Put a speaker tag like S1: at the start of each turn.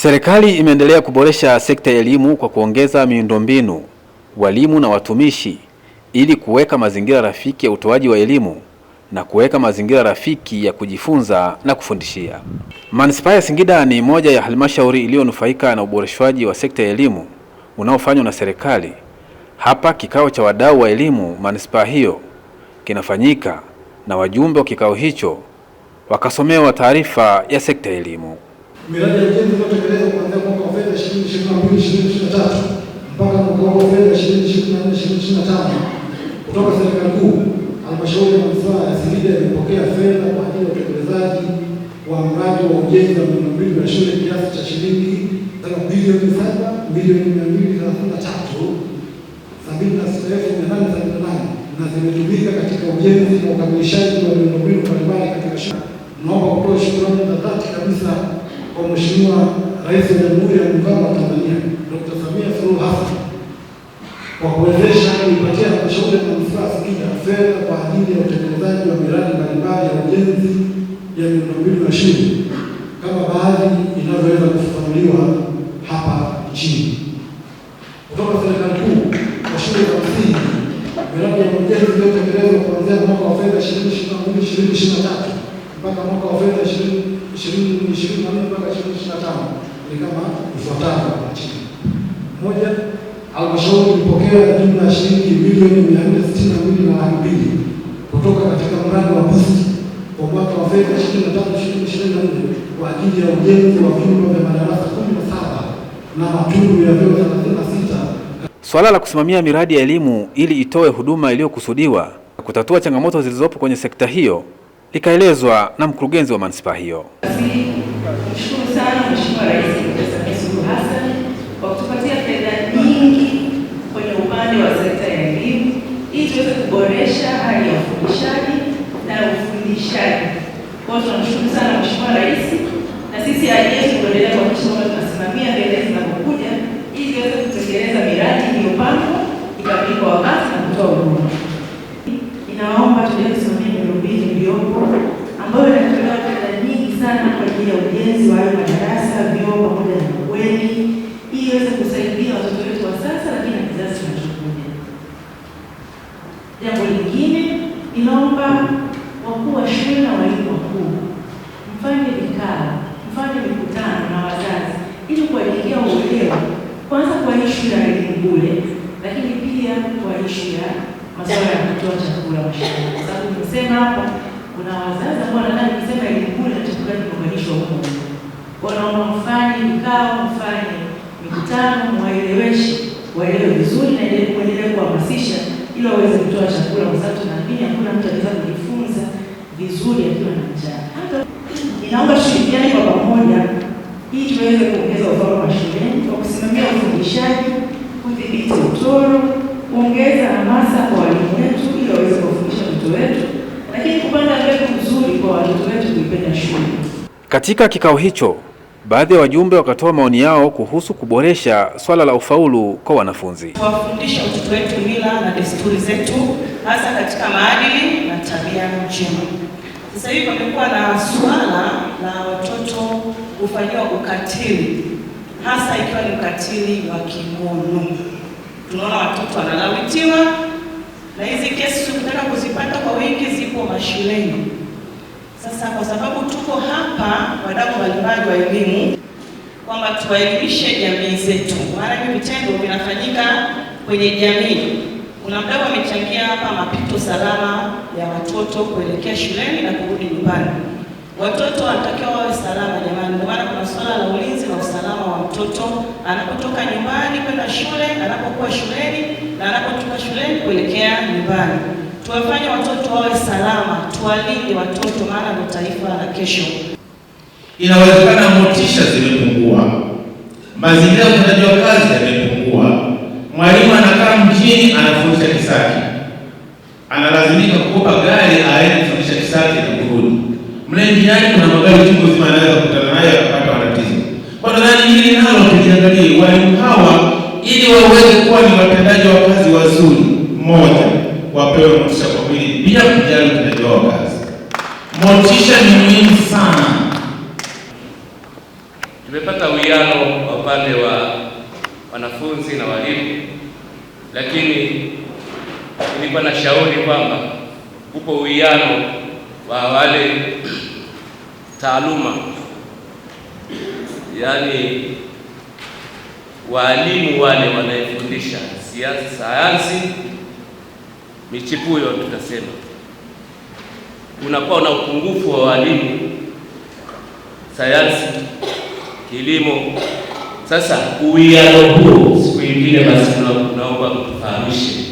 S1: Serikali imeendelea kuboresha sekta ya elimu kwa kuongeza miundombinu, walimu na watumishi ili kuweka mazingira rafiki ya utoaji wa elimu na kuweka mazingira rafiki ya kujifunza na kufundishia. Manispaa ya Singida ni moja ya halmashauri iliyonufaika na uboreshwaji wa sekta ya elimu unaofanywa na serikali. Hapa kikao cha wadau wa elimu manispaa hiyo kinafanyika na wajumbe wa kikao hicho wakasomewa taarifa ya sekta ya elimu
S2: miradi ya ujenzi iliyotekelezwa kuanzia mwaka wa fedha ishirini ishirini na mbili ishirini ishirini na tatu mpaka mwaka wa fedha ishirini ishirini na nne ishirini ishirini na tano kutoka serikali kuu, halmashauri ya manispaa ya Singida imepokea fedha kwa ajili ya utekelezaji wa mradi wa ujenzi wa miundombinu ya shule kiasi cha shilingi bilioni saba milioni mia mbili thelathini na tatu sabini na sita elfu mia nane sabini na nane na zimetumika katika ujenzi na ukamilishaji wa miundombinu mbalimbali katika shule. Naomba kutoa shukrani za dhati kabisa kwa Mheshimiwa Rais wa Jamhuri ya Muungano wa Tanzania Dr. Samia Suluhu Hassan kwa kuwezesha kuipatia halmashauri ya manispaa Singida fedha kwa ajili ya utekelezaji wa miradi mbalimbali ya ujenzi ya miundombinu ya shule kama baadhi inavyoweza kufafanuliwa hapa nchini kutoka serikali kuu kwa shule za msingi. Miradi ya ujenzi iliyotekelezwa kuanzia mwaka wa fedha ishirini ishirini mpaka mwaka wa fedha ishirini 20 24 mpaka 2025 ni kama ifuatavyo chini. Moja, halmashauri ilipokea jumla ya shilingi milioni 462 na laki mbili kutoka katika mradi wa BOOST kwa mwaka wa fedha kwa ajili ya ujenzi wa vyumba vya madarasa 17 na matundu ya vyoo
S1: Swala la kusimamia miradi ya elimu ili itoe huduma iliyokusudiwa kutatua changamoto zilizopo kwenye sekta hiyo likaelezwa na mkurugenzi wa manispaa hiyo.
S3: Nashukuru sana Mheshimiwa Rais Samia Suluhu Hassan kwa kutupatia fedha nyingi kwenye upande wa sekta ya elimu ili tuweze kuboresha hali ya ufundishaji na ufundishaji. Kwa hiyo tunamshukuru sana Mheshimiwa Rais, na sisi hali yetu kuendelea kwa kusoma, tunasimamia fedha zinapokuja ili tuweze kutekeleza miradi iliyopangwa ikamilika wakati na kutoa huduma. ujenzi wa hayo madarasa, vyoo pamoja na mabweni, ili iweze kusaidia watoto wetu wa sasa, lakini na kizazi kinachokuja. Jambo lingine, inaomba wakuu wa shule na walimu wakuu mfanye vikao, mfanye mikutano na wazazi ili kuwajengea uelewa kwanza kwa ishu ya elimu bure, lakini pia kwa ishu ya masuala ya kutoa chakula mashinani, kwa sababu nimesema hapa kuna wazazi ambao nadhani kusema elimu bure na chakula kimeunganishwa huko, wanaona mfanye mkao, mfanye mikutano, mwaeleweshe waelewe vizuri, na ile kuendelea kuhamasisha ili waweze kutoa chakula, kwa sababu tunaamini hakuna mtu anaweza kujifunza vizuri akiwa na njaa. Hata inaomba shirikiane kwa pamoja, ili tuweze kuongeza ubora wa shule kwa kusimamia ufundishaji, kudhibiti utoro, kuongeza hamasa kwa walimu kuipenda shule.
S1: Katika kikao hicho, baadhi ya wajumbe wakatoa maoni yao kuhusu kuboresha swala la ufaulu kwa wanafunzi.
S3: Tuwafundishe watoto wetu mila na desturi zetu, hasa katika maadili na tabia njema. Sasa hivi pamekuwa na swala la watoto kufanyiwa ukatili, hasa ikiwa ni ukatili wa kingono. Tunaona watoto wanalawitiwa, na hizi kesi tukitaka kuzipata kwa wingi zipo mashuleni sababu tuko hapa wadau mbalimbali wa elimu, kwamba tuwaelimishe jamii zetu, maana hivi vitendo vinafanyika kwenye jamii. Kuna mdau amechangia hapa mapito salama ya watoto kuelekea shuleni na kurudi nyumbani. Watoto wanatakiwa wawe salama jamani, ndio maana kuna swala la ulinzi na usalama wa mtoto anapotoka nyumbani kwenda shule, anapokuwa shuleni na anapotoka shuleni kuelekea nyumbani tuwafanye watoto wawe salama, tuwalinde watoto, maana ndo taifa la kesho.
S4: Inawezekana motisha zimepungua, mazingira ya utendaji wa kazi yamepungua, mwalimu anakaa mjini anafundisha Kisaki, analazimika kukopa gari aende kufundisha Kisaki na kurudi. Mle njiani kuna magari chungu zima anaweza kukutana nayo akapata matatizo. Kwa nadhani hili nalo tuliangalie walimu hawa, ili waweze kuwa ni watendaji wa kazi wazuri. Moja, wapewe motisha kwa kweli bila kujali utendaji wao kazi. Motisha ni muhimu sana.
S5: Tumepata uwiano wa upande wa wanafunzi na walimu, lakini nilikuwa na shauri kwamba upo uwiano wa wale taaluma, yaani waalimu wale wanayefundisha sayansi michipuyo tutasema, unakuwa na upungufu wa walimu sayansi, kilimo. Sasa uwiano huo siku ingine basi tunaomba kutufahamishe